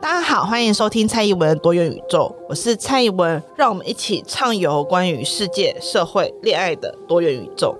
大家好，歡迎收聽蔡宜文多元宇宙，我是蔡宜文，讓我們一起暢遊關於世界、社會、戀愛的多元宇宙。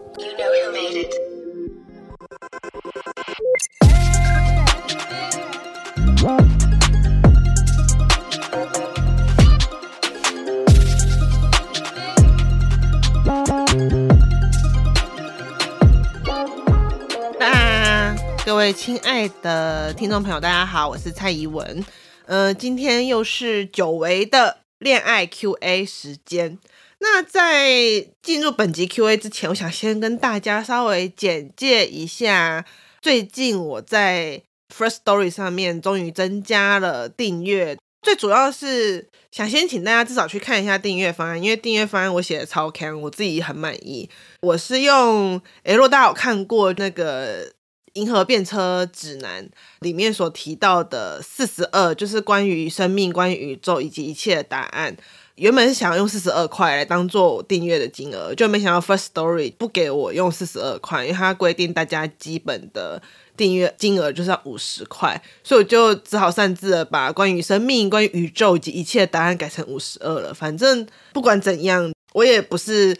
那 you know、啊、各位親愛的聽眾朋友，大家好，我是蔡宜文。呃，今天又是久違的戀愛 Q&A 時間。那在進入本集 Q&A 之前，我想先跟大家稍微簡介一下，最近我在 First Story 上面終於增加了訂閱。最主要是想先請大家至少去看一下訂閱方案，因為訂閱方案我寫的超 can，我自己很滿意。我是用，誒，如果大家有看過那個《銀河便車指南》裡面所提到的四十二，就是關於生命、關於宇宙以及一切的答案。原本是想要用四十二塊來當做我訂閱的金額，就沒想到 First Story 不給我用四十二塊，因為它規定大家基本的訂閱金額就是要五十塊，所以我就只好擅自的把關於生命、關於宇宙以及一切的答案改成五十二了。反正不管怎樣，我也不是。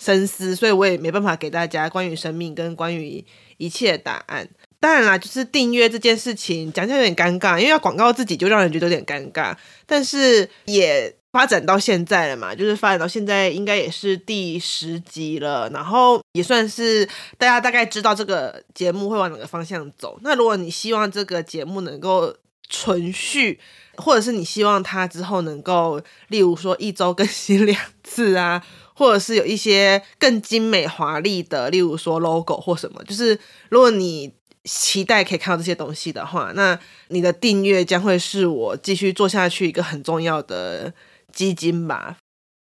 深思，所以我也沒辦法給大家關於生命跟關於一切的答案。當然啦，就是訂閱這件事情講起來有點尷尬，因為要廣告自己就讓人覺得有點尷尬。但是也發展到現在了嘛，就是發展到現在應該也是第十集了，然後也算是大家大概知道這個節目會往哪個方向走。那如果你希望這個節目能夠存續，或者是你希望它之後能夠，例如說一週更新兩次啊。或者是有一些更精美華麗的，例如說 logo 或什麼，就是如果你期待可以看到這些東西的話，那你的訂閱將會是我繼續做下去一個很重要的基金吧。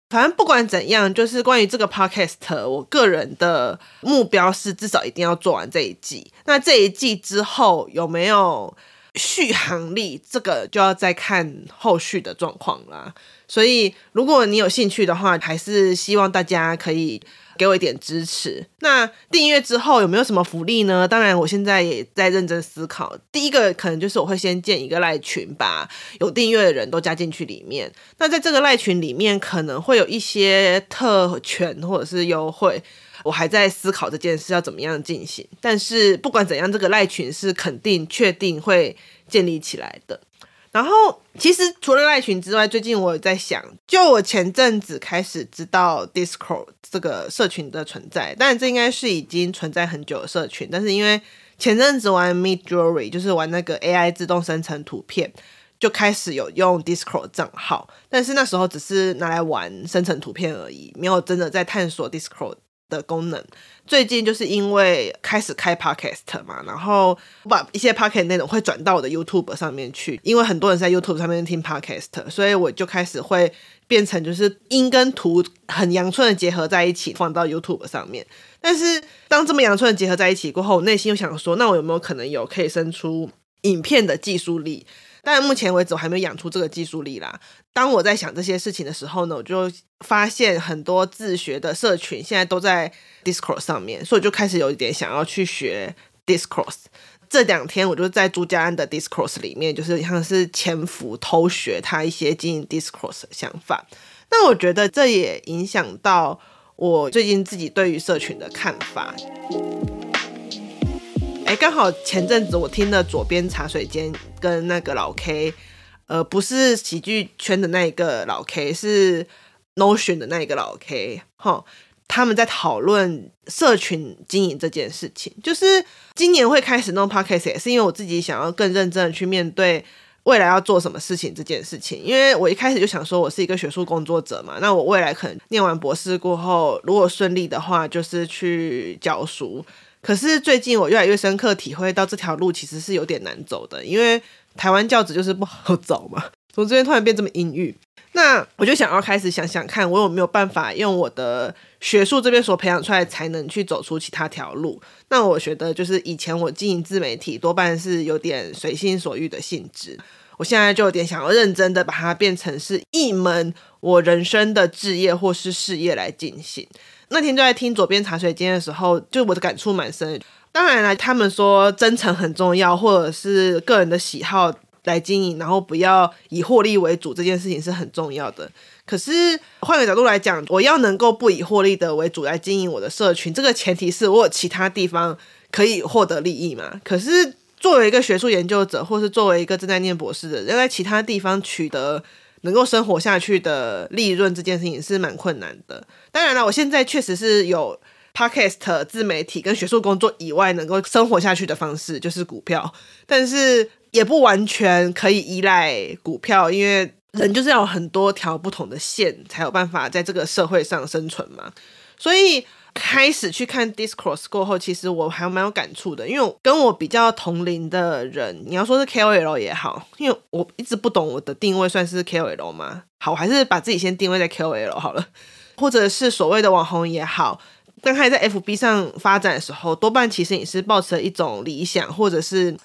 反正不管怎樣，就是關於這個 podcast，我個人的目標是至少一定要做完這一季。那這一季之後有沒有？續航力這個就要再看後續的狀況啦，所以如果你有興趣的話，還是希望大家可以給我一點支持。那訂閱之後有沒有什麼福利呢？當然，我現在也在認真思考。第一個可能就是我會先建一個賴群，把有訂閱的人都加進去裡面。那在這個賴群裡面，可能會有一些特權或者是優惠。我還在思考這件事要怎麼樣進行，但是不管怎樣，這個賴群是肯定確定會建立起來的。然後，其實除了賴群之外，最近我有在想，就我前陣子開始知道 Discord 這個社群的存在，但這應該是已經存在很久的社群。但是因為前陣子玩 Midjourney，就是玩那個 AI 自動生成圖片，就開始有用 Discord 賬號，但是那時候只是拿來玩生成圖片而已，沒有真的在探索 Discord。的功能，最近就是因為開始開 podcast 嘛，然後我把一些 podcast 內容會轉到我的 YouTube 上面去，因為很多人在 YouTube 上面聽 podcast，所以我就開始會變成，就是音跟圖很陽春的結合在一起放到 YouTube 上面。但是當這麼陽春的結合在一起過後，我內心又想說，那我有沒有可能有可以生出影片的技術力？但目前為止我還沒有養出這個技術力啦。當我在想這些事情的時候呢，我就發現很多自學的社群現在都在 Discourse 上面，所以我就開始有一點想要去學 Discourse。這兩天我就在朱家安的 Discourse 裡面，就是像是潛伏偷學他一些經營 Discourse 的想法。那我覺得這也影響到我最近自己對於社群的看法。哎，剛好前陣子我聽了左邊茶水間跟那個老 K，呃，不是喜劇圈的那一個老 K，是 Notion 的那一個老 K，吼，他們在討論社群經營這件事情。就是今年會開始弄 Podcast，也是因為我自己想要更認真地去面對未來要做什麼事情這件事情。因為我一開始就想說我是一個學術工作者嘛，那我未來可能念完博士過後，如果順利的話，就是去教書。可是最近我越來越深刻體會到這條路其實是有點難走的，因為台灣教職就是不好找嘛。從這邊突然變這麼陰鬱，那我就想要開始想想看，我有沒有辦法用我的學術這邊所培養出來才能去走出其他條路？那我覺得就是以前我經營自媒體多半是有點隨心所欲的性質，我現在就有點想要認真的把它變成是一門我人生的職業或是事業來進行。那天就在聽左邊茶水間的時候，就我的感觸蠻深。當然了，他們說真誠很重要，或者是個人的喜好來經營，然後不要以獲利為主，這件事情是很重要的。可是換個角度來講，我要能夠不以獲利的為主來經營我的社群，這個前提是我有其他地方可以獲得利益嘛？可是作為一個學術研究者，或是作為一個正在念博士的人，要在其他地方取得。能夠生活下去的利潤，這件事情是蠻困難的。當然了，我現在確實是有 podcast 自媒體跟學術工作以外能夠生活下去的方式，就是股票，但是也不完全可以依賴股票，因為人就是要有很多條不同的線才有辦法在這個社會上生存嘛，所以。開始去看 Discourse 過後，其實我還蠻有感觸的，因為跟我比較同齡的人，你要說是 KOL 也好，因為我一直不懂我的定位算是 KOL 嗎？好，我還是把自己先定位在 KOL 好了，或者是所謂的網紅也好。剛開始在 FB 上發展的時候，多半其實也是抱持了一種理想，或者是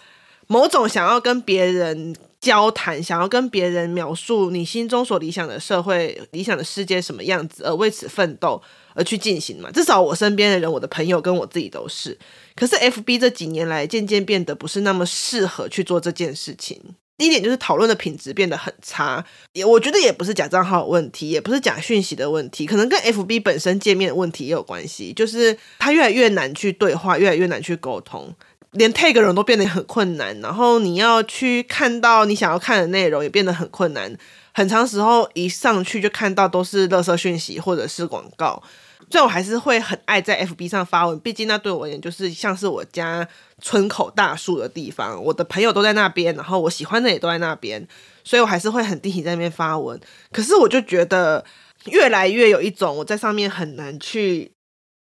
某種想要跟別人交談，想要跟別人描述你心中所理想的社會、理想的世界什麼樣子，而為此奮鬥。而去進行嘛，至少我身邊的人、我的朋友跟我自己都是。可是，FB 這幾年來漸漸變得不是那麼適合去做這件事情。第一點就是討論的品質變得很差，也我覺得也不是假賬號的問題，也不是假訊息的問題，可能跟 FB 本身界面的問題也有關係。就是它越來越難去對話，越來越難去溝通，連 tag 人都變得很困難。然後你要去看到你想要看的內容也變得很困難，很常時候一上去就看到都是垃圾訊息或者是廣告。所以，我還是會很愛在 FB 上發文，畢竟那對我而言就是像是我家村口大樹的地方，我的朋友都在那邊，然後我喜歡的也都在那邊，所以我還是會很定期在那邊發文。可是，我就覺得越來越有一種我在上面很難去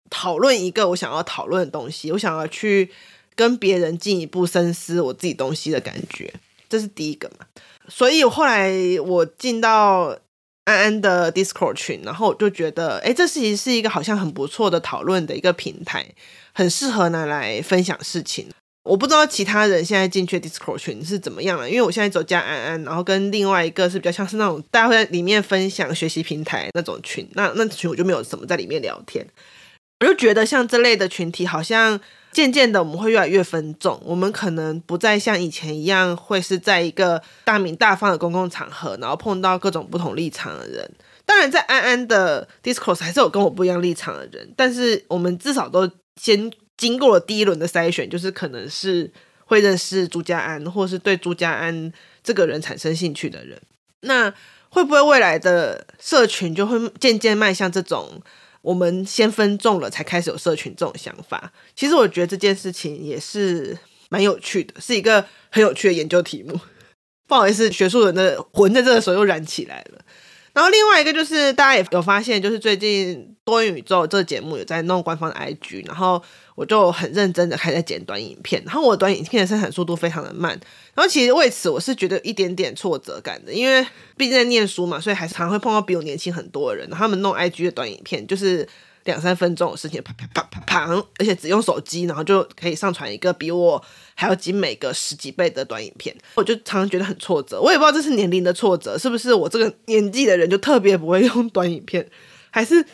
討論一個我想要討論的東西，我想要去跟別人進一步深思我自己東西的感覺，這是第一個嘛。所以我後來我進到。安安的 Discord 群，然後我就覺得，誒、欸、這其實是一個好像很不錯的討論的一個平台，很適合拿來分享事情。我不知道其他人現在進去 Discord 群是怎麼樣了，因為我現在走加安安，然後跟另外一個是比較像是那種大家會在裡面分享學習平台那種群，那那群我就沒有什麼在裡面聊天。我就覺得像這類的群體，好像。漸漸的，我們會越來越分眾。我們可能不再像以前一樣，會是在一個大鳴大放的公共場合，然後碰到各種不同立場的人。當然，在安安的 discourse 還是有跟我不一樣立場的人，但是我們至少都先經過了第一輪的篩選，就是可能是會認識朱家安，或是對朱家安這個人產生興趣的人。那會不會未來的社群就會漸漸邁向這種？我們先分眾了，才開始有社群這種想法。其實我覺得這件事情也是蠻有趣的，是一個很有趣的研究題目。不好意思，學術人的魂在這個時候又燃起來了。然後另外一個就是大家也有發現，就是最近。多元宇宙這個節目有在弄官方的 IG，然後我就很認真的開始剪短影片，然後我的短影片的生產速度非常的慢，然後其實為此我是覺得一點點挫折感的，因為畢竟在唸書嘛，所以還是常常會碰到比我年輕很多的人，然後他們弄 IG 的短影片就是兩三分鐘的事情，啪啪啪啪啪，而且只用手機，然後就可以上傳一個比我還要精美個十幾倍的短影片，我就常常覺得很挫折，我也不知道這是年齡的挫折，是不是我這個年紀的人就特別不會用短影片，還是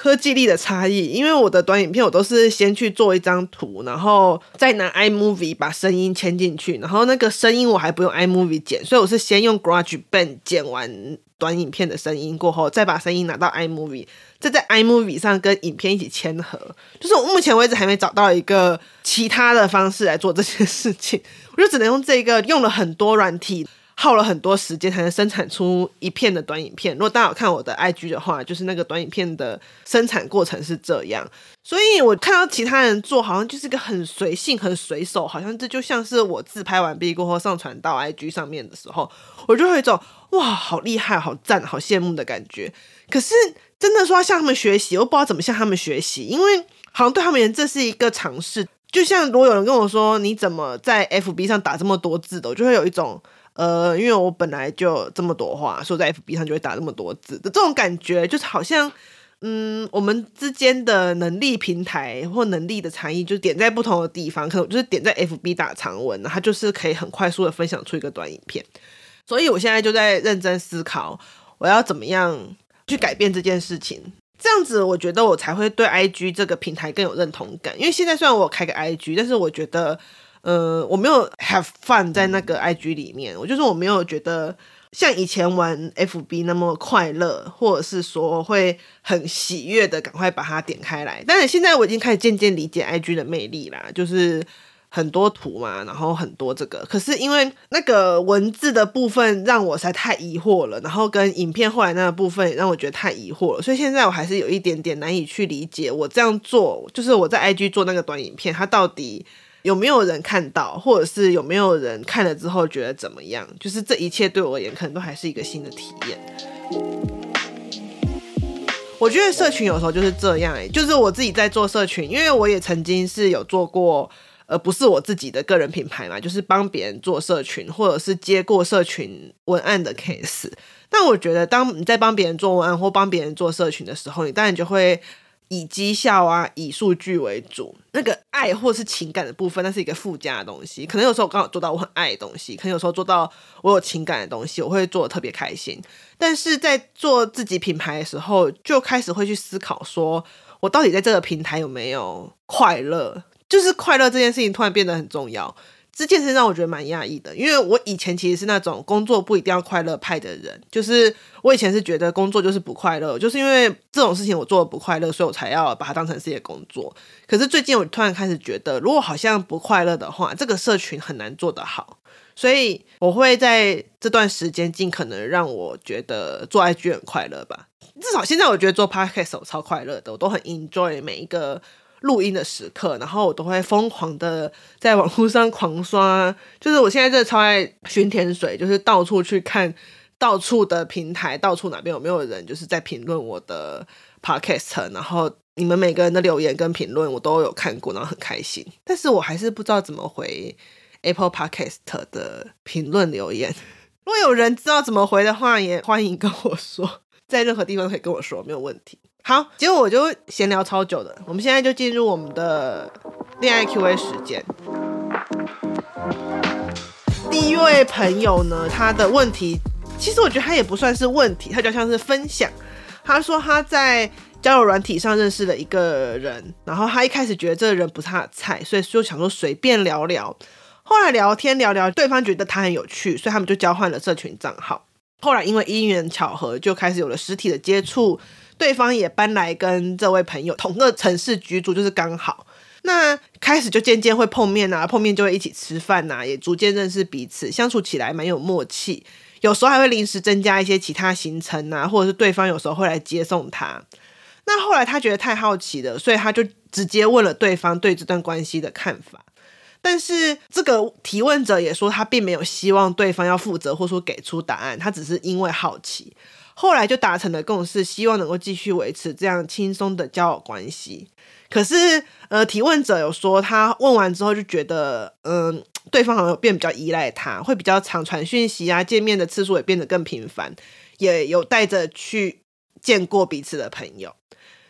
科技力的差異，因為我的短影片我都是先去做一張圖，然後再拿 iMovie 把聲音嵌進去，然後那個聲音我還不用 iMovie 剪，所以我是先用 GarageBand 剪完短影片的聲音過後，再把聲音拿到 iMovie，再在 iMovie 上跟影片一起嵌合。就是我目前為止還沒找到一個其他的方式來做這件事情，我就只能用這個，用了很多軟體。耗了很多時間才能生產出一片的短影片。如果大家有看我的 IG 的話，就是那個短影片的生產過程是這樣。所以，我看到其他人做好像就是一個很隨性、很隨手，好像這就像是我自拍完畢過後上傳到 IG 上面的時候，我就會有一種哇，好厲害、好讚、好羨慕的感覺。可是，真的說要向他們學習，我不知道怎麼向他們學習，因為好像對他們而言這是一個嘗試。就像如果有人跟我說你怎麼在 FB 上打這麼多字的，我就會有一種。呃，因為我本來就這麼多話，說在 FB 上就會打這麼多字的這種感覺，就是好像，嗯，我們之間的能力平台或能力的差異，就點在不同的地方，可能就是點在 FB 打長文，它就是可以很快速的分享出一個短影片。所以我現在就在認真思考，我要怎麼樣去改變這件事情，這樣子我覺得我才會對 IG 這個平台更有認同感。因為現在雖然我有開個 IG，但是我覺得。呃，我沒有 have fun 在那個 I G 裡面，我就是我沒有覺得像以前玩 F B 那麼快樂，或者是說會很喜悅的趕快把它點開來。但是現在我已經開始漸漸理解 I G 的魅力啦，就是很多圖嘛，然後很多這個，可是因為那個文字的部分讓我實在太疑惑了，然後跟影片後來那個部分也讓我覺得太疑惑了，所以現在我還是有一點點難以去理解，我這樣做就是我在 I G 做那個短影片，它到底。有沒有人看到，或者是有沒有人看了之後覺得怎麼樣？就是這一切對我而言，可能都還是一個新的體驗。我覺得社群有時候就是這樣，哎，就是我自己在做社群，因為我也曾經是有做過，呃，不是我自己的個人品牌嘛，就是幫別人做社群，或者是接過社群文案的 case。但我覺得，當你在幫別人做文案或幫別人做社群的時候，你當然就會。以績效啊，以數據為主，那個愛或是情感的部分，那是一個附加的東西。可能有時候剛好做到我很愛的東西，可能有時候做到我有情感的東西，我會做的特別開心。但是在做自己品牌的時候，就開始會去思考說，說我到底在這個平台有沒有快樂？就是快樂這件事情突然變得很重要。這件事讓我覺得蠻訝異的，因為我以前其實是那種工作不一定要快樂派的人，就是我以前是覺得工作就是不快樂，就是因為這種事情我做的不快樂，所以我才要把它當成事業工作。可是最近我突然開始覺得，如果好像不快樂的話，這個社群很難做得好，所以我會在這段時間儘可能讓我覺得做 IG 很快樂吧。至少現在我覺得做 podcast 我超快樂的，我都很 enjoy 每一個，錄音的時刻，然後我都會瘋狂的在網路上狂刷，就是我現在真的超愛巡田水，就是到處去看，到處的平台，到處哪邊有沒有人就是在評論我的 podcast，然後你們每個人的留言跟評論我都有看過，然後很開心。但是我還是不知道怎麼回 Apple Podcast 的評論留言，如果有人知道怎麼回的話，也歡迎跟我說，在任何地方都可以跟我說，沒有問題。好，結果我就閒聊超久的，我們現在就進入我們的戀愛 QA 時間。第一位朋友呢，他的問題其實我覺得他也不算是問題，他就像是分享。他說他在交友軟體上認識了一個人，然後他一開始覺得這個人不是他的菜，所以就想說隨便聊聊。後來聊天聊聊，對方覺得他很有趣，所以他們就交換了社群賬號。後來因為因緣巧合，就開始有了實體的接觸。對方也搬來跟這位朋友同個城市居住，就是剛好。那開始就漸漸會碰面啊，碰面就會一起吃飯啊，也逐漸認識彼此，相處起來蠻有默契。有時候還會臨時增加一些其他行程啊，或者是對方有時候會來接送他。那後來他覺得太好奇了，所以他就直接問了對方對這段關係的看法。但是這個提問者也說，他並沒有希望對方要負責或說給出答案，他只是因為好奇。後來就達成了共識，希望能夠繼續維持這樣輕鬆的交友關係。可是，呃，提問者有說，他問完之後就覺得，嗯、呃，對方好像變比較依賴他，會比較常傳訊息啊，見面的次數也變得更頻繁，也有帶着去見過彼此的朋友。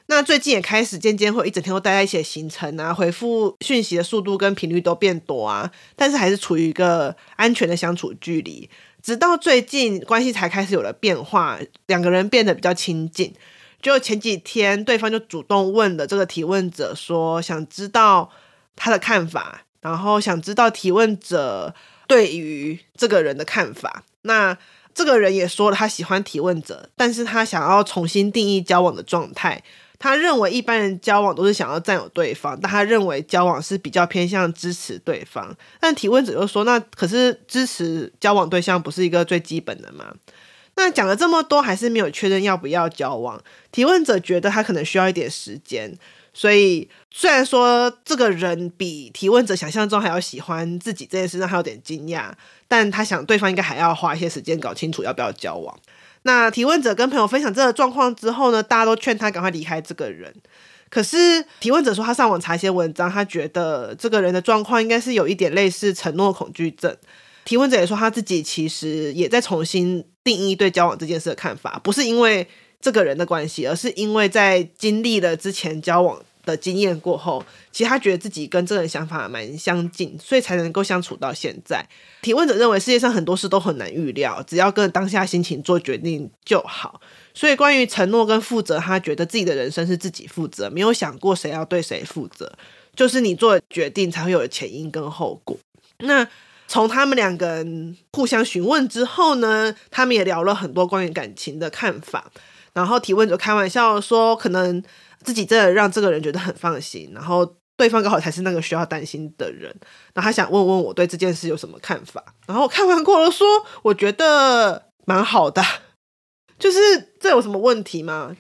那最近也開始漸漸會一整天都待在一起的行程啊，回復訊息的速度跟頻率都變多啊，但是還是處於一個安全的相處距離。直到最近，關係才開始有了變化，兩個人變得比較親近。就前幾天，對方就主動問了這個提問者說，想知道他的看法，然後想知道提問者對於這個人的看法。那這個人也說了，他喜歡提問者，但是他想要重新定義交往的狀態。他認為一般人交往都是想要占有對方，但他認為交往是比較偏向支持對方。但提問者又說：“那可是支持交往對象不是一個最基本的嗎？”那講了這麼多，還是沒有確認要不要交往。提問者覺得他可能需要一點時間，所以雖然說這個人比提問者想象中還要喜歡自己這件事讓他有點驚訝，但他想對方應該還要花一些時間搞清楚要不要交往。那提問者跟朋友分享這個狀況之後呢，大家都勸他趕快離開這個人。可是提問者說，他上網查一些文章，他覺得這個人的狀況應該是有一點類似承諾恐懼症。提問者也說，他自己其實也在重新定義對交往這件事的看法，不是因為這個人的關係，而是因為在經歷了之前交往的經驗過後，其實他覺得自己跟這人想法蠻相近，所以才能夠相處到現在。提問者認為世界上很多事都很難預料，只要跟當下心情做決定就好。所以關於承諾跟負責，他覺得自己的人生是自己負責，沒有想過誰要對誰負責，就是你做決定才會有前因跟後果。那從他們兩個人互相詢問之後呢，他們也聊了很多關於感情的看法。然後提問就開玩笑說，可能自己真的讓這個人覺得很放心，然後對方剛好才是那個需要擔心的人，然後他想問問我對這件事有什麼看法，然後我看完過後說，我覺得蠻好的，就是這有什麼問題嗎？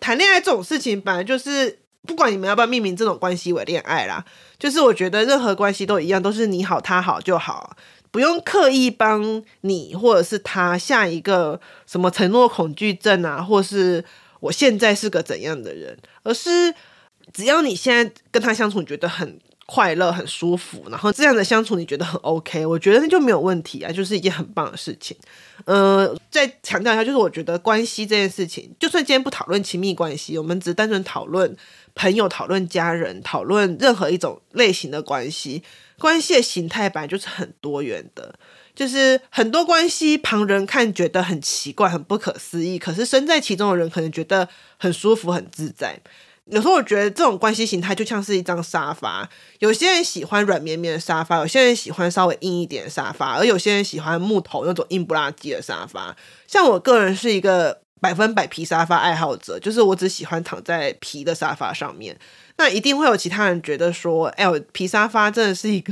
談戀愛這種事情本來就是，不管你們要不要命名這種關係為戀愛啦，就是我覺得任何關係都一樣，都是你好他好就好。不用刻意幫你或者是他下一個什麼承諾恐懼症啊，或是我現在是個怎樣的人，而是只要你現在跟他相處，你覺得很快樂、很舒服，然後這樣的相處你覺得很 OK，我覺得那就沒有問題啊，就是一件很棒的事情。嗯、呃，再強調一下，就是我覺得關係這件事情，就算今天不討論親密關係，我們只單純討論朋友、討論家人、討論任何一種類型的關係。關係的形態本來就是很多元的，就是很多關係旁人看覺得很奇怪、很不可思議，可是身在其中的人可能覺得很舒服、很自在。有時候我覺得這種關係形態就像是一張沙發，有些人喜歡軟綿綿的沙發，有些人喜歡稍微硬一點的沙發，而有些人喜歡木頭那種硬不拉幾的沙發。像我個人是一個。百分百皮沙發愛好者，就是我只喜歡躺在皮的沙發上面。那一定會有其他人覺得說：“哎呦，皮沙發真的是一個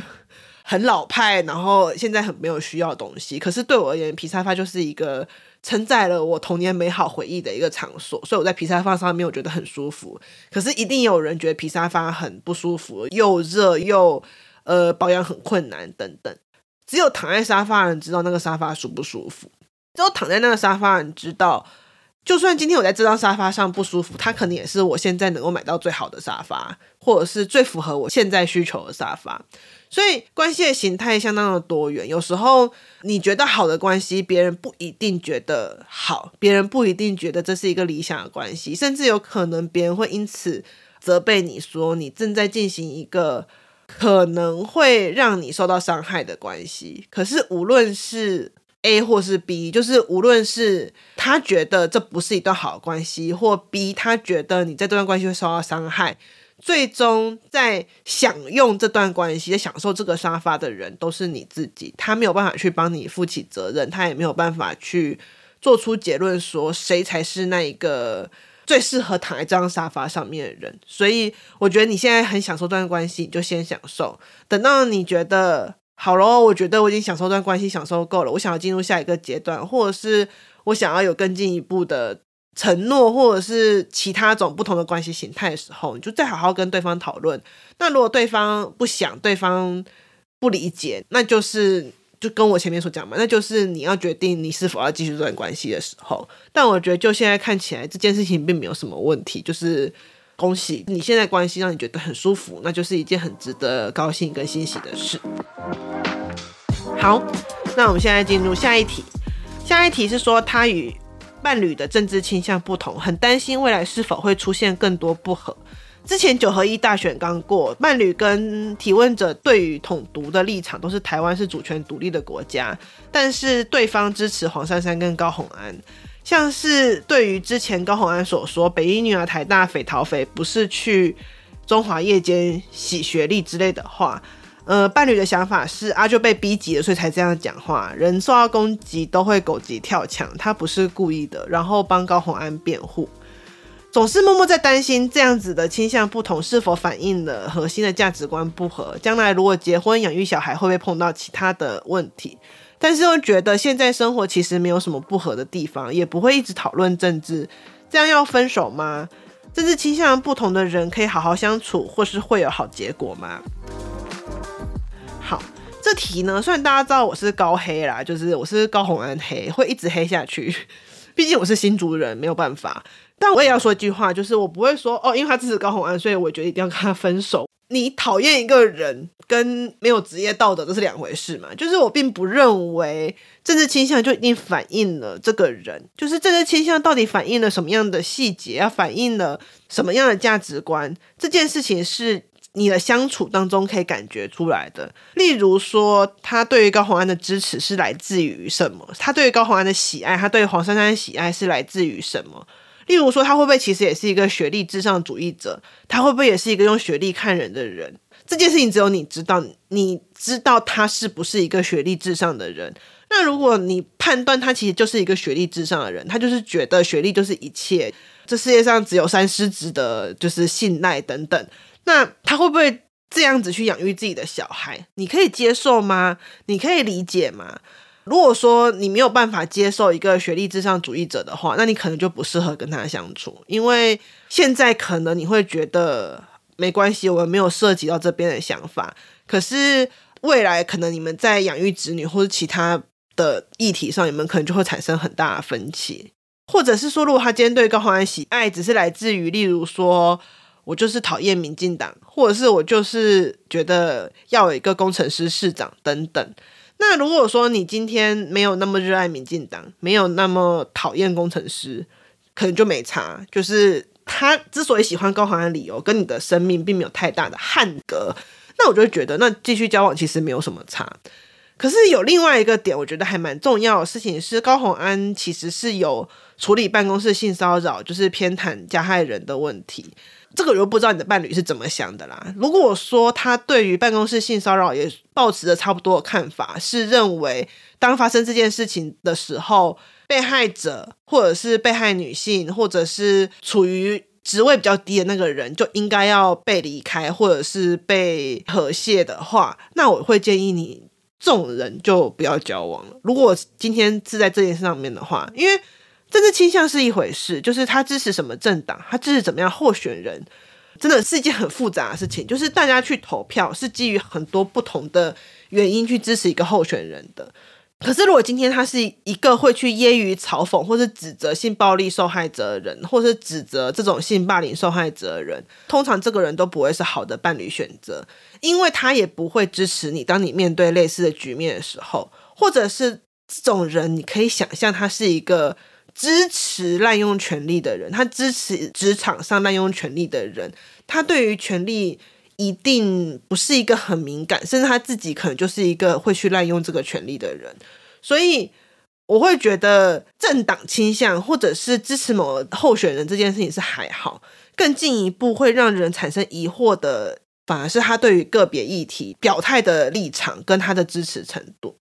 很老派，然後現在很沒有需要東西。”可是對我而言，皮沙發就是一個承載了我童年美好回憶的一個場所。所以我在皮沙發上面，我覺得很舒服。可是一定有人覺得皮沙發很不舒服，又熱又呃保養很困難等等。只有躺在沙發人知道那個沙發舒不舒服，只有躺在那個沙發人知道。就算今天我在這張沙發上不舒服，它可能也是我現在能夠買到最好的沙發，或者是最符合我現在需求的沙發。所以，關係的形態相當的多元。有時候你覺得好的關係，別人不一定覺得好；別人不一定覺得這是一個理想的關係，甚至有可能別人會因此責備你說你正在進行一個可能會讓你受到傷害的關係。可是，無論是 A 或是 B，就是無論是他覺得這不是一段好關係，或 B 他覺得你在這段關係會受到傷害，最終在享用這段關係、享受這個沙发的人都是你自己。他沒有辦法去幫你負起責任，他也沒有辦法去做出結論說誰才是那一個最適合躺在這張沙发上面的人。所以，我覺得你現在很享受這段關係，你就先享受，等到你覺得。好咯，我覺得我已經享受這段關係享受夠了，我想要進入下一個階段，或者是我想要有更進一步的承諾，或者是其他種不同的關係形態的時候，你就再好好跟對方討論。那如果對方不想，對方不理解，那就是就跟我前面所講嘛，那就是你要決定你是否要繼續這段關係的時候。但我覺得就現在看起來這件事情並沒有什麼問題，就是。恭喜你現在關係讓你覺得很舒服，那就是一件很值得高興跟欣喜的事。好，那我們現在進入下一題。下一題是說他與伴侶的政治傾向不同，很擔心未來是否會出現更多不和。之前九合一大選剛過，伴侶跟提問者對於統獨的立場都是台灣是主權獨立的國家，但是對方支持黃珊珊跟高虹安。像是對於之前高虹安所說“北一女啊、台大匪逃匪，不是去中華夜間洗學歷”之類的話，呃，伴侶的想法是啊，就被逼急了，所以才這樣講話。人受到攻擊都會狗急跳牆，他不是故意的。然後幫高虹安辯護，總是默默在擔心這樣子的傾向不同是否反映了核心的價值觀不合，將來如果結婚養育小孩會不會碰到其他的問題。但是又覺得現在生活其實沒有什麼不合的地方，也不會一直討論政治，這樣要分手嗎？政治傾向不同的人可以好好相處，或是會有好結果嗎？好，這題呢，雖然大家知道我是高黑啦，就是我是高虹安黑，會一直黑下去，畢竟我是新竹人，沒有辦法。但我也要說一句話，就是我不會說哦，因為他支持高虹安，所以我也覺得一定要跟他分手。你討厭一個人跟沒有職業道德這是兩回事嘛？就是我並不認為政治傾向就一定反映了這個人，就是政治傾向到底反映了什麼樣的細節、啊，要反映了什麼樣的價值觀，這件事情是你的相處當中可以感覺出來的。例如說，他對於高虹安的支持是來自於什麼？他對於高虹安的喜愛，他對於黃珊珊的喜愛是來自於什麼？例如說，他會不會其實也是一個學歷至上主義者？他會不會也是一個用學歷看人的人？這件事情只有你知道，你知道他是不是一個學歷至上的人？那如果你判斷他其實就是一個學歷至上的人，他就是覺得學歷就是一切，這世界上只有三師值得就是信賴等等，那他會不會這樣子去養育自己的小孩？你可以接受嗎？你可以理解嗎？如果說你沒有辦法接受一個學歷至上主義者的話，那你可能就不適合跟他相處。因為現在可能你會覺得沒關係，我沒有涉及到這邊的想法。可是未來可能你們在養育子女或者其他的議題上，你們可能就會產生很大的分歧。或者是說，如果他今天對高虹安喜愛只是來自於，例如說我就是討厭民進黨，或者是我就是覺得要有一個工程師市長等等。那如果說你今天沒有那麼熱愛民進黨，沒有那麼討厭工程師，可能就沒差。就是他之所以喜歡高虹安的理由，跟你的生命並沒有太大的扞格。那我就會覺得，那繼續交往其實沒有什麼差。可是有另外一個點，我覺得還蠻重要的事情是，高虹安其實是有處理辦公室性騷擾，就是偏袒加害人的問題。這個我就不知道你的伴侶是怎麼想的啦。如果我說他對於辦公室性騷擾也抱持着差不多的看法，是認為當發生這件事情的時候，被害者或者是被害女性，或者是處於職位比較低的那個人就應該要被離開或者是被和解的話，那我會建議你這種人就不要交往了。如果今天是在這件事上面的話，因為。政治傾向是一回事，就是他支持什麼政黨，他支持怎麼樣候選人，真的是一件很複雜的事情。就是大家去投票是基於很多不同的原因去支持一個候選人的，可是如果今天他是一個會去揶揄、嘲諷或者指責性暴力受害者的人，或是指責這種性霸凌受害者的人，通常這個人都不會是好的伴侶選擇，因為他也不會支持你。當你面對類似的局面的時候，或者是這種人，你可以想象他是一個。支持濫用權力的人，他支持職場上濫用權力的人，他對於權力一定不是一個很敏感，甚至他自己可能就是一個會去濫用這個權力的人。所以我會覺得政黨傾向或者是支持某候選人這件事情是還好，更進一步會讓人產生疑惑的，反而是他對於個別議題表態的立場跟他的支持程度。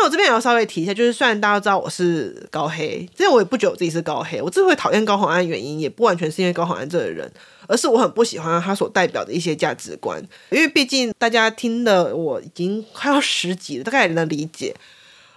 那我這邊也要稍微提一下，就是雖然大家知道我是高黑，其實我也不覺得我自己是高黑。我之所以討厭高虹安，原因也不完全是因為高虹安這個人，而是我很不喜歡他所代表的一些價值觀。因為畢竟大家聽了我已經快要十集了，大概也能理解。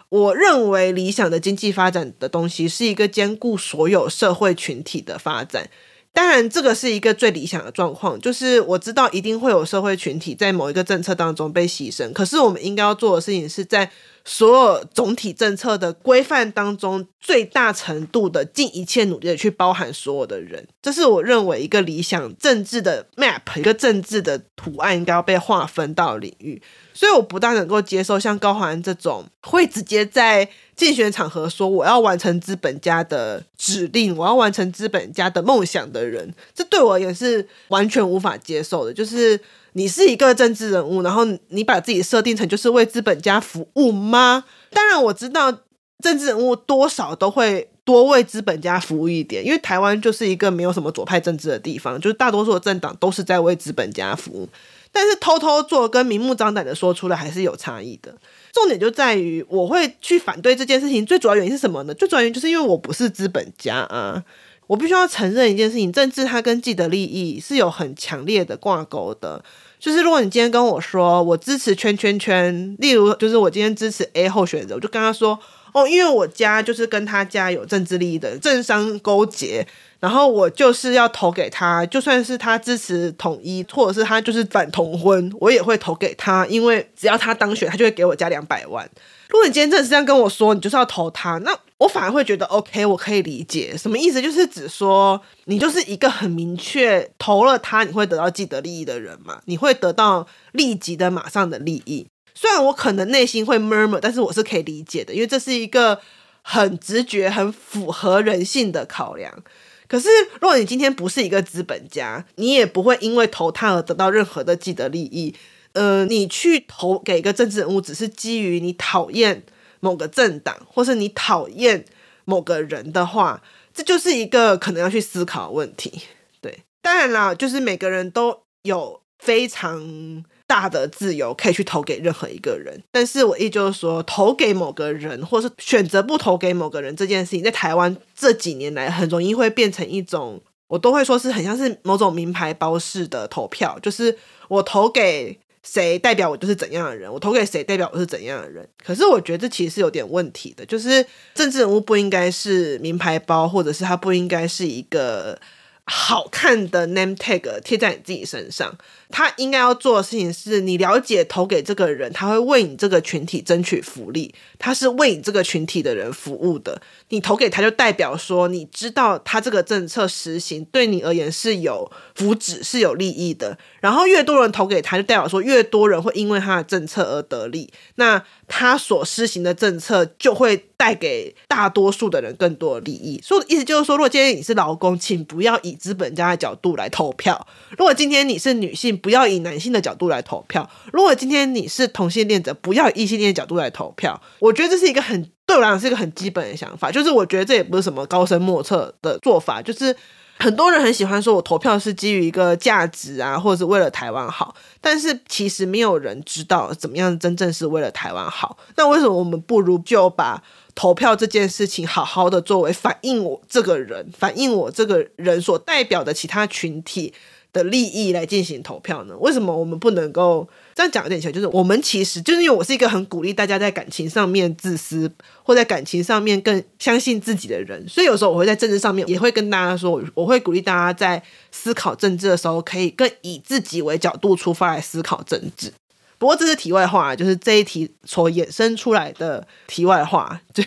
我認為理想的經濟發展的東西是一個兼顧所有社會群體的發展。當然，這個是一個最理想的狀況。就是我知道一定會有社會群體在某一個政策當中被犧牲，可是我們應該要做的事情是在。所有總體政策的規範當中，最大程度的盡一切努力的去包含所有的人，這是我認為一個理想政治的 map，一個政治的圖案應該要被劃分到領域。所以，我不大能夠接受像高虹安這種會直接在競選場合說“我要完成資本家的指令，我要完成資本家的夢想”的人，這對我也是完全無法接受的。就是。你是一個政治人物，然後你把自己設定成就是為資本家服務嗎？當然我知道政治人物多少都會多為資本家服務一點，因為台灣就是一個沒有什麼左派政治的地方，就是大多數的政黨都是在為資本家服務。但是偷偷做跟明目張膽的說出來還是有差異的。重點就在於我會去反對這件事情，最主要原因是什麼呢？最主要原因就是因為我不是資本家啊。我必須要承認一件事情，政治它跟既得利益是有很強烈的掛鈎的。就是如果你今天跟我說我支持圈圈圈，例如就是我今天支持 A 候選人，我就跟他說哦，因為我家就是跟他家有政治利益的政商勾結，然後我就是要投給他，就算是他支持統一，或者是他就是反同婚，我也會投給他，因為只要他當選，他就會給我加兩百萬。如果你今天真的是這樣跟我說，你就是要投他，那。我反而會覺得 OK，我可以理解。什麼意思？就是指說你就是一個很明確投了他，你會得到既得利益的人嘛，你會得到立即的馬上的利益。雖然我可能內心會 murmur，但是我是可以理解的，因為這是一個很直覺、很符合人性的考量。可是如果你今天不是一個資本家，你也不會因為投他而得到任何的既得利益。呃，你去投給一個政治人物，只是基於你討厭。某個政黨，或是你討厭某個人的話，這就是一個可能要去思考的問題。對，當然啦，就是每個人都有非常大的自由，可以去投給任何一個人。但是我依舊說，投給某個人，或是選擇不投給某個人這件事情，在台灣這幾年來，很容易會變成一種，我都會說是很像是某種名牌包式的投票，就是我投給。誰代表我就是怎樣的人，我投給誰代表我是怎樣的人。可是我覺得這其實是有點問題的，就是政治人物不應該是名牌包，或者是他不應該是一個。好看的 name tag 貼在你自己身上，他應該要做的事情是你了解，投給這個人，他會為你這個群體爭取福利，他是為你這個群體的人服務的。你投給他，就代表說你知道他這個政策實行對你而言是有福祉、是有利益的。然後越多人投給他，就代表說越多人會因為他的政策而得利。那他所施行的政策就會帶給大多數的人更多的利益。所以我的意思就是說，如果今天你是勞工，請不要以資本家的角度來投票。如果今天你是女性，不要以男性的角度來投票；如果今天你是同性戀者，不要以異性戀的角度來投票。我覺得這是一個很對我來講是一個很基本的想法，就是我覺得這也不是什麼高深莫測的做法。就是很多人很喜歡說，我投票是基於一個價值啊，或者是為了台灣好，但是其實沒有人知道怎麼樣真正是為了台灣好。那為什麼我們不如就把投票這件事情，好好的作為反映我這個人，反映我這個人所代表的其他群體的利益來進行投票呢？為什麼我們不能夠這樣講一？有點奇怪，就是我們其實就是因為我是一個很鼓勵大家在感情上面自私，或在感情上面更相信自己的人，所以有時候我會在政治上面也會跟大家說，我會鼓勵大家在思考政治的時候，可以更以自己為角度出發來思考政治。不過這是題外話，就是這一題所衍生出來的題外話，對。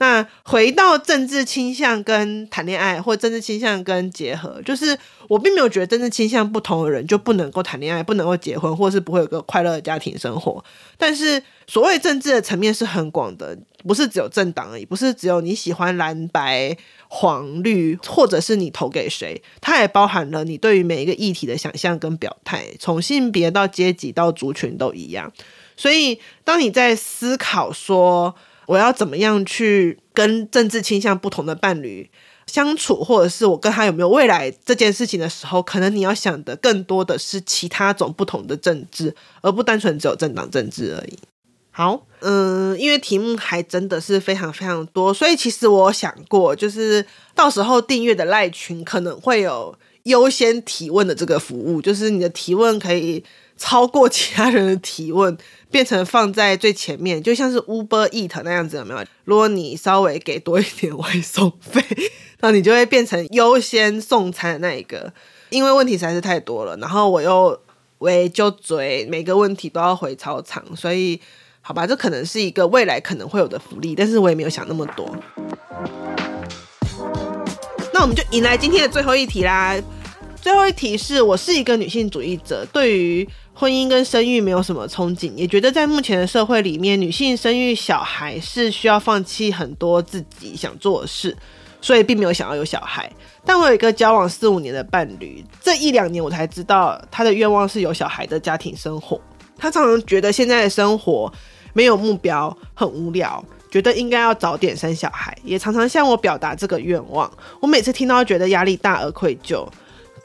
那回到政治傾向跟談戀愛，或政治傾向跟結合，就是我並沒有覺得政治傾向不同的人就不能夠談戀愛，不能夠結婚，或是不會有個快樂的家庭生活。但是所謂政治的層面是很廣的，不是只有政黨而已，不是只有你喜歡藍白黃綠，或者是你投給誰，它也包含了你對於每一個議題的想象跟表態，從性別到階級到族群都一樣。所以當你在思考說，我要怎麼樣去跟政治傾向不同的伴侶相處，或者是我跟他有沒有未來這件事情的時候，可能你要想的更多的是其他種不同的政治，而不單純只有政黨政治而已。好，嗯，因為題目還真的是非常非常多，所以其實我想過，就是到時候訂閱的賴群可能會有優先提問的這個服務，就是你的提問可以超過其他人的提問。變成放在最前面，就像是 Uber Eat 那樣子，有沒有？如果你稍微給多一點外送費， 那你就會變成優先送餐的那一個。因為問題實在是太多了，然後我又喂就嘴每個問題都要回操場，所以好吧，這可能是一個未來可能會有的福利，但是我也沒有想那麼多。 那我們就迎來今天的最後一題啦。最後一題是我是一個女性主義者，對於。婚姻跟生育沒有什麼憧憬，也覺得在目前的社會裡面，女性生育小孩是需要放棄很多自己想做的事，所以並沒有想要有小孩。但我有一個交往四五年的伴侶，這一兩年我才知道他的願望是有小孩的家庭生活。他常常覺得現在的生活沒有目標，很無聊，覺得應該要早點生小孩，也常常向我表達這個願望。我每次聽到，覺得壓力大而愧疚。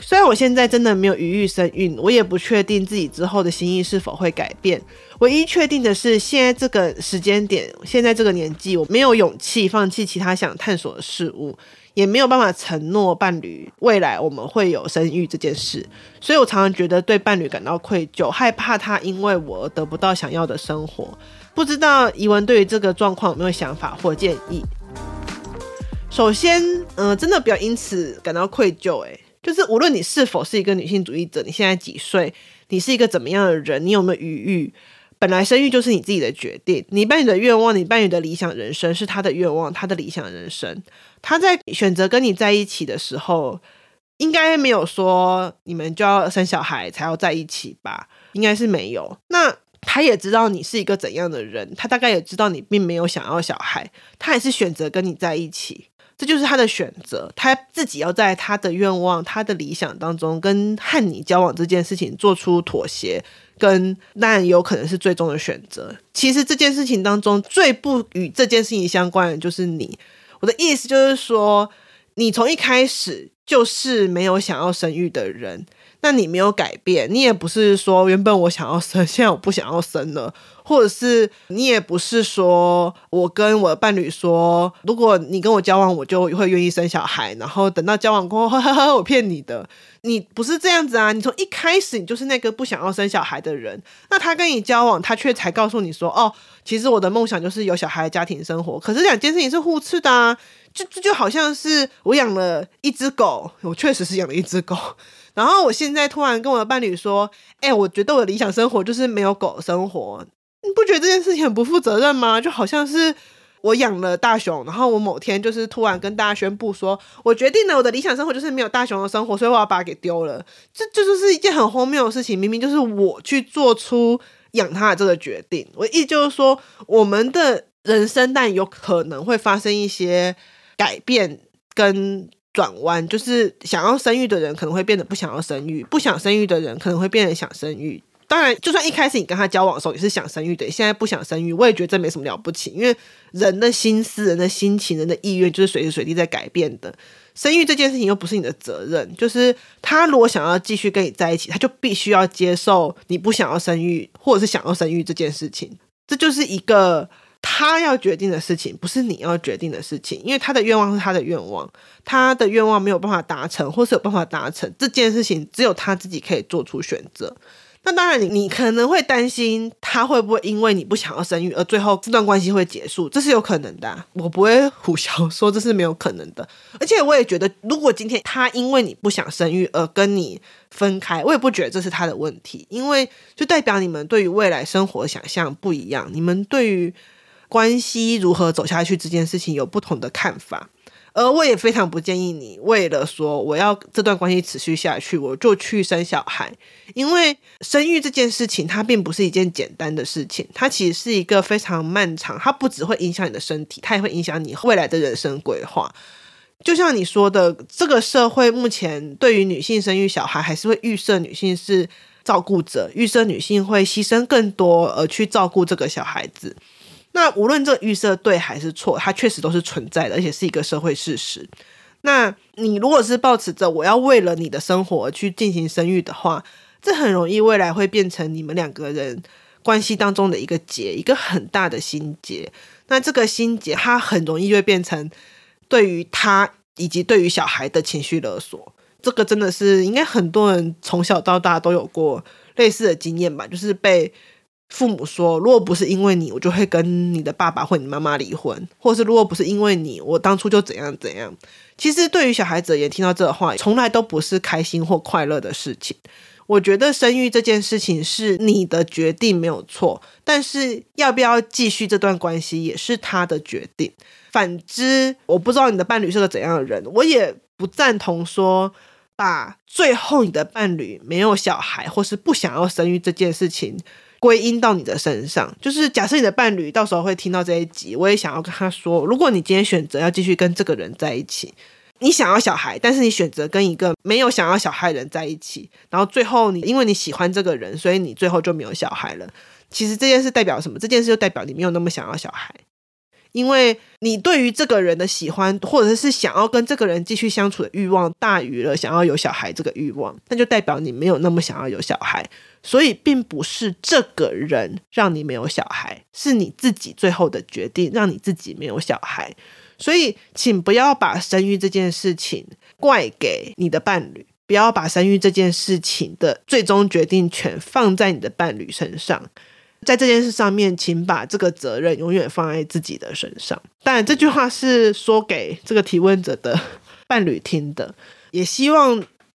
雖然我現在真的沒有餘裕生育，我也不確定自己之後的心意是否會改變。唯一確定的是，現在這個時間點，現在這個年紀，我沒有勇氣放棄其他想探索的事物，也沒有辦法承諾伴侶未來我們會有生育這件事。所以我常常覺得對伴侶感到愧疚，害怕他因為我而得不到想要的生活。不知道宜文對於這個狀況有沒有想法或建議？首先，嗯、呃，真的不要因此感到愧疚、欸，誒就是無論你是否是一個女性主義者，你現在幾歲，你是一個怎麼樣的人，你有沒有餘裕？本來生育就是你自己的決定，你伴侶的願望，你伴侶的理想人生是他的願望，他的理想人生。他在選擇跟你在一起的時候，應該沒有說你們就要生小孩才要在一起吧？應該是沒有。那他也知道你是一個怎樣的人，他大概也知道你並沒有想要小孩，他也是選擇跟你在一起。這就是他的選擇，他自己要在他的願望、他的理想當中，跟和你交往這件事情做出妥協，跟那有可能是最終的選擇。其實這件事情當中最不與這件事情相關的就是你。我的意思就是說，你從一開始就是沒有想要生育的人，那你沒有改變，你也不是說原本我想要生，現在我不想要生了。或者是你也不是說，我跟我的伴侶說，如果你跟我交往，我就會願意生小孩，然後等到交往過後，呵呵呵，我騙你的，你不是這樣子啊，你從一開始你就是那個不想要生小孩的人，那他跟你交往，他卻才告訴你說，哦，其實我的夢想就是有小孩的家庭生活，可是兩件事情是互斥的，啊，就就就好像是我養了一隻狗，我確實是養了一隻狗，然後我現在突然跟我的伴侶說，哎，我覺得我的理想生活就是沒有狗生活。你不覺得這件事情很不負責任嗎？就好像是我養了大熊，然後我某天就是突然跟大家宣布說，我決定了，我的理想生活就是沒有大熊的生活，所以我要把它給丟了。這這就，就是一件很荒謬的事情。明明就是我去做出養它的這個決定，我意思就是說，我們的人生但有可能會發生一些改變跟轉彎，就是想要生育的人可能會變得不想要生育，不想生育的人可能會變得想生育。當然，就算一開始你跟他交往的時候也是想生育的，現在不想生育，我也覺得這沒什麼了不起。因為人的心思、人的心情、人的意願，就是隨時隨地在改變的。生育這件事情又不是你的責任，就是他如果想要繼續跟你在一起，他就必須要接受你不想要生育或者是想要生育這件事情。這就是一個他要決定的事情，不是你要決定的事情。因為他的願望是他的願望，他的願望沒有辦法達成，或是有辦法達成這件事情，只有他自己可以做出選擇。那當然你，你你可能會擔心他會不會因為你不想要生育而最後這段關係會結束，這是有可能的啊。我不會胡笑說，說這是沒有可能的。而且我也覺得，如果今天他因為你不想生育而跟你分開，我也不覺得這是他的問題，因為就代表你們對於未來生活想象不一樣，你們對於關係如何走下去這件事情有不同的看法。而我也非常不建議你為了說我要這段關係持續下去，我就去生小孩，因為生育這件事情它並不是一件簡單的事情，它其實是一個非常漫長，它不只會影響你的身體，它也會影響你未來的人生規劃。就像你說的，這個社會目前對於女性生育小孩，還是會預設女性是照顧者，預設女性會犧牲更多而去照顧這個小孩子。那無論這個預設對還是錯，它確實都是存在的，而且是一個社會事實。那你如果是抱持着我要為了你的生活去進行生育的話，這很容易未來會變成你們兩個人關係當中的一個結，一個很大的心結。那這個心結，它很容易就會變成對於他以及對於小孩的情緒勒索。這個真的是應該很多人從小到大都有過類似的經驗吧，就是被。父母說：“如果不是因為你，我就會跟你的爸爸或你媽媽離婚，或是如果不是因為你，我當初就怎樣怎樣。”其實，對於小孩子也聽到這話，從來都不是開心或快樂的事情。我覺得生育這件事情是你的決定沒有錯，但是要不要繼續這段關係也是他的決定。反之，我不知道你的伴侶是個怎樣的人，我也不贊同說把最後你的伴侶沒有小孩或是不想要生育這件事情。歸因到你的身上，就是假設你的伴侶到時候會聽到這一集，我也想要跟他說，如果你今天選擇要繼續跟這個人在一起，你想要小孩，但是你選擇跟一個沒有想要小孩的人在一起，然後最後你因為你喜歡這個人，所以你最後就沒有小孩了。其實這件事代表什麼？這件事就代表你沒有那麼想要小孩。因為你對於這個人的喜歡，或者是想要跟這個人繼續相處的慾望，大於了想要有小孩這個慾望，那就代表你沒有那麼想要有小孩。所以，並不是這個人讓你沒有小孩，是你自己最後的決定讓你自己沒有小孩。所以，請不要把生育這件事情怪給你的伴侶，不要把生育這件事情的最終決定權放在你的伴侶身上。在這件事上面，請把這個責任永遠放在自己的身上。當然，這句話是說給這個提問者的伴侶聽的。也希望，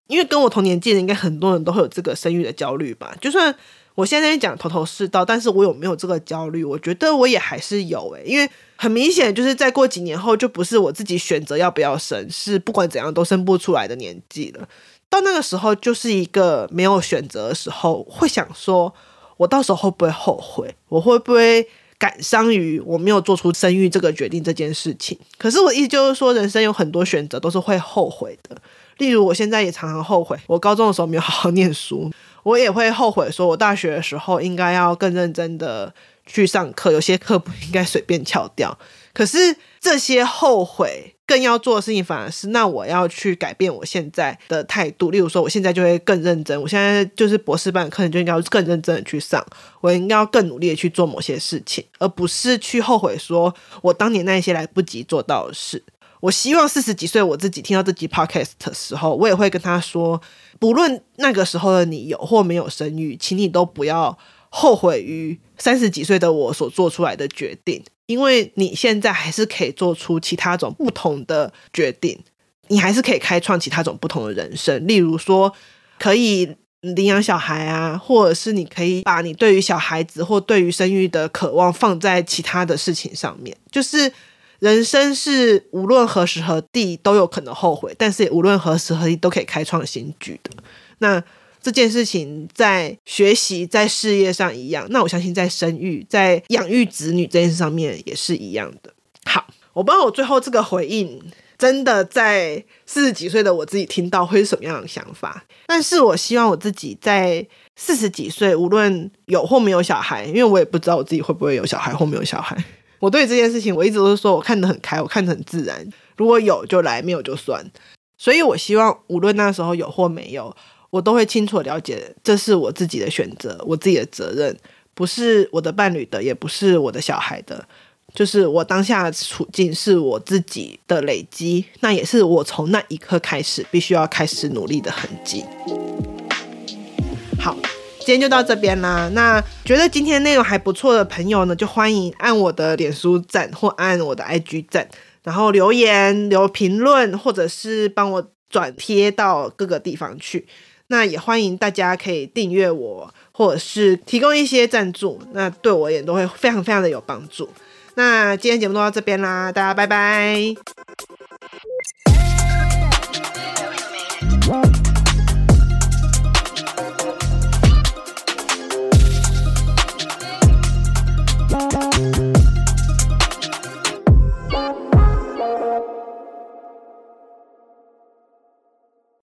因為跟我同年紀的，應該很多人都會有這個生育的焦慮吧。就算我現在在講頭頭是道，但是我有沒有這個焦慮？我覺得我也還是有誒、欸，因為很明顯，就是再過幾年後，就不是我自己選擇要不要生，是不管怎樣都生不出來的年紀了。到那個時候，就是一個沒有選擇的時候，會想說。我到時候會不會後悔？我會不會感傷於我沒有做出生育這個決定這件事情？可是我一直就是說，人生有很多選擇都是會後悔的。例如，我現在也常常後悔，我高中的時候沒有好好念書，我也會後悔說我大學的時候應該要更認真的去上課，有些課不應該隨便翹掉。可是這些後悔。更要做的事情反而是，那我要去改變我現在的態度。例如說，我現在就會更認真。我現在就是博士班的課程就應該更認真的去上。我應該要更努力的去做某些事情，而不是去後悔說我當年那一些來不及做到的事。我希望四十幾歲我自己聽到這集 Podcast 的時候，我也會跟他說，不論那個時候的你有或沒有生育，請你都不要後悔於三十幾歲的我所做出來的決定。因為你現在還是可以做出其他種不同的決定，你還是可以開創其他種不同的人生。例如說，可以領養小孩啊，或者是你可以把你對於小孩子或對於生育的渴望放在其他的事情上面。就是人生是無論何時何地都有可能後悔，但是也無論何時何地都可以開創新局的。那。這件事情在學習、在事業上一樣，那我相信在生育、在養育子女這件事上面也是一樣的。好，我不知道我最後這個回應，真的在四十幾歲的我自己聽到會是什麼樣的想法，但是我希望我自己在四十幾歲，無論有或沒有小孩，因為我也不知道我自己會不會有小孩或沒有小孩。我對這件事情，我一直都是說我看得很開，我看得很自然。如果有就來，沒有就算。所以我希望無論那時候有或沒有。我都會清楚了解，這是我自己的選擇，我自己的責任，不是我的伴侶的，也不是我的小孩的，就是我當下的處境是我自己的累積，那也是我從那一刻開始必須要開始努力的痕跡。好，今天就到這邊啦。那覺得今天內容還不錯的朋友呢，就歡迎按我的臉書讚或按我的 IG 讚，然後留言、留評論，或者是幫我轉貼到各個地方去。那也歡迎大家可以訂閱我，或者是提供一些贊助，那對我也都會非常非常的有幫助。那今天節目就到這邊啦，大家拜拜。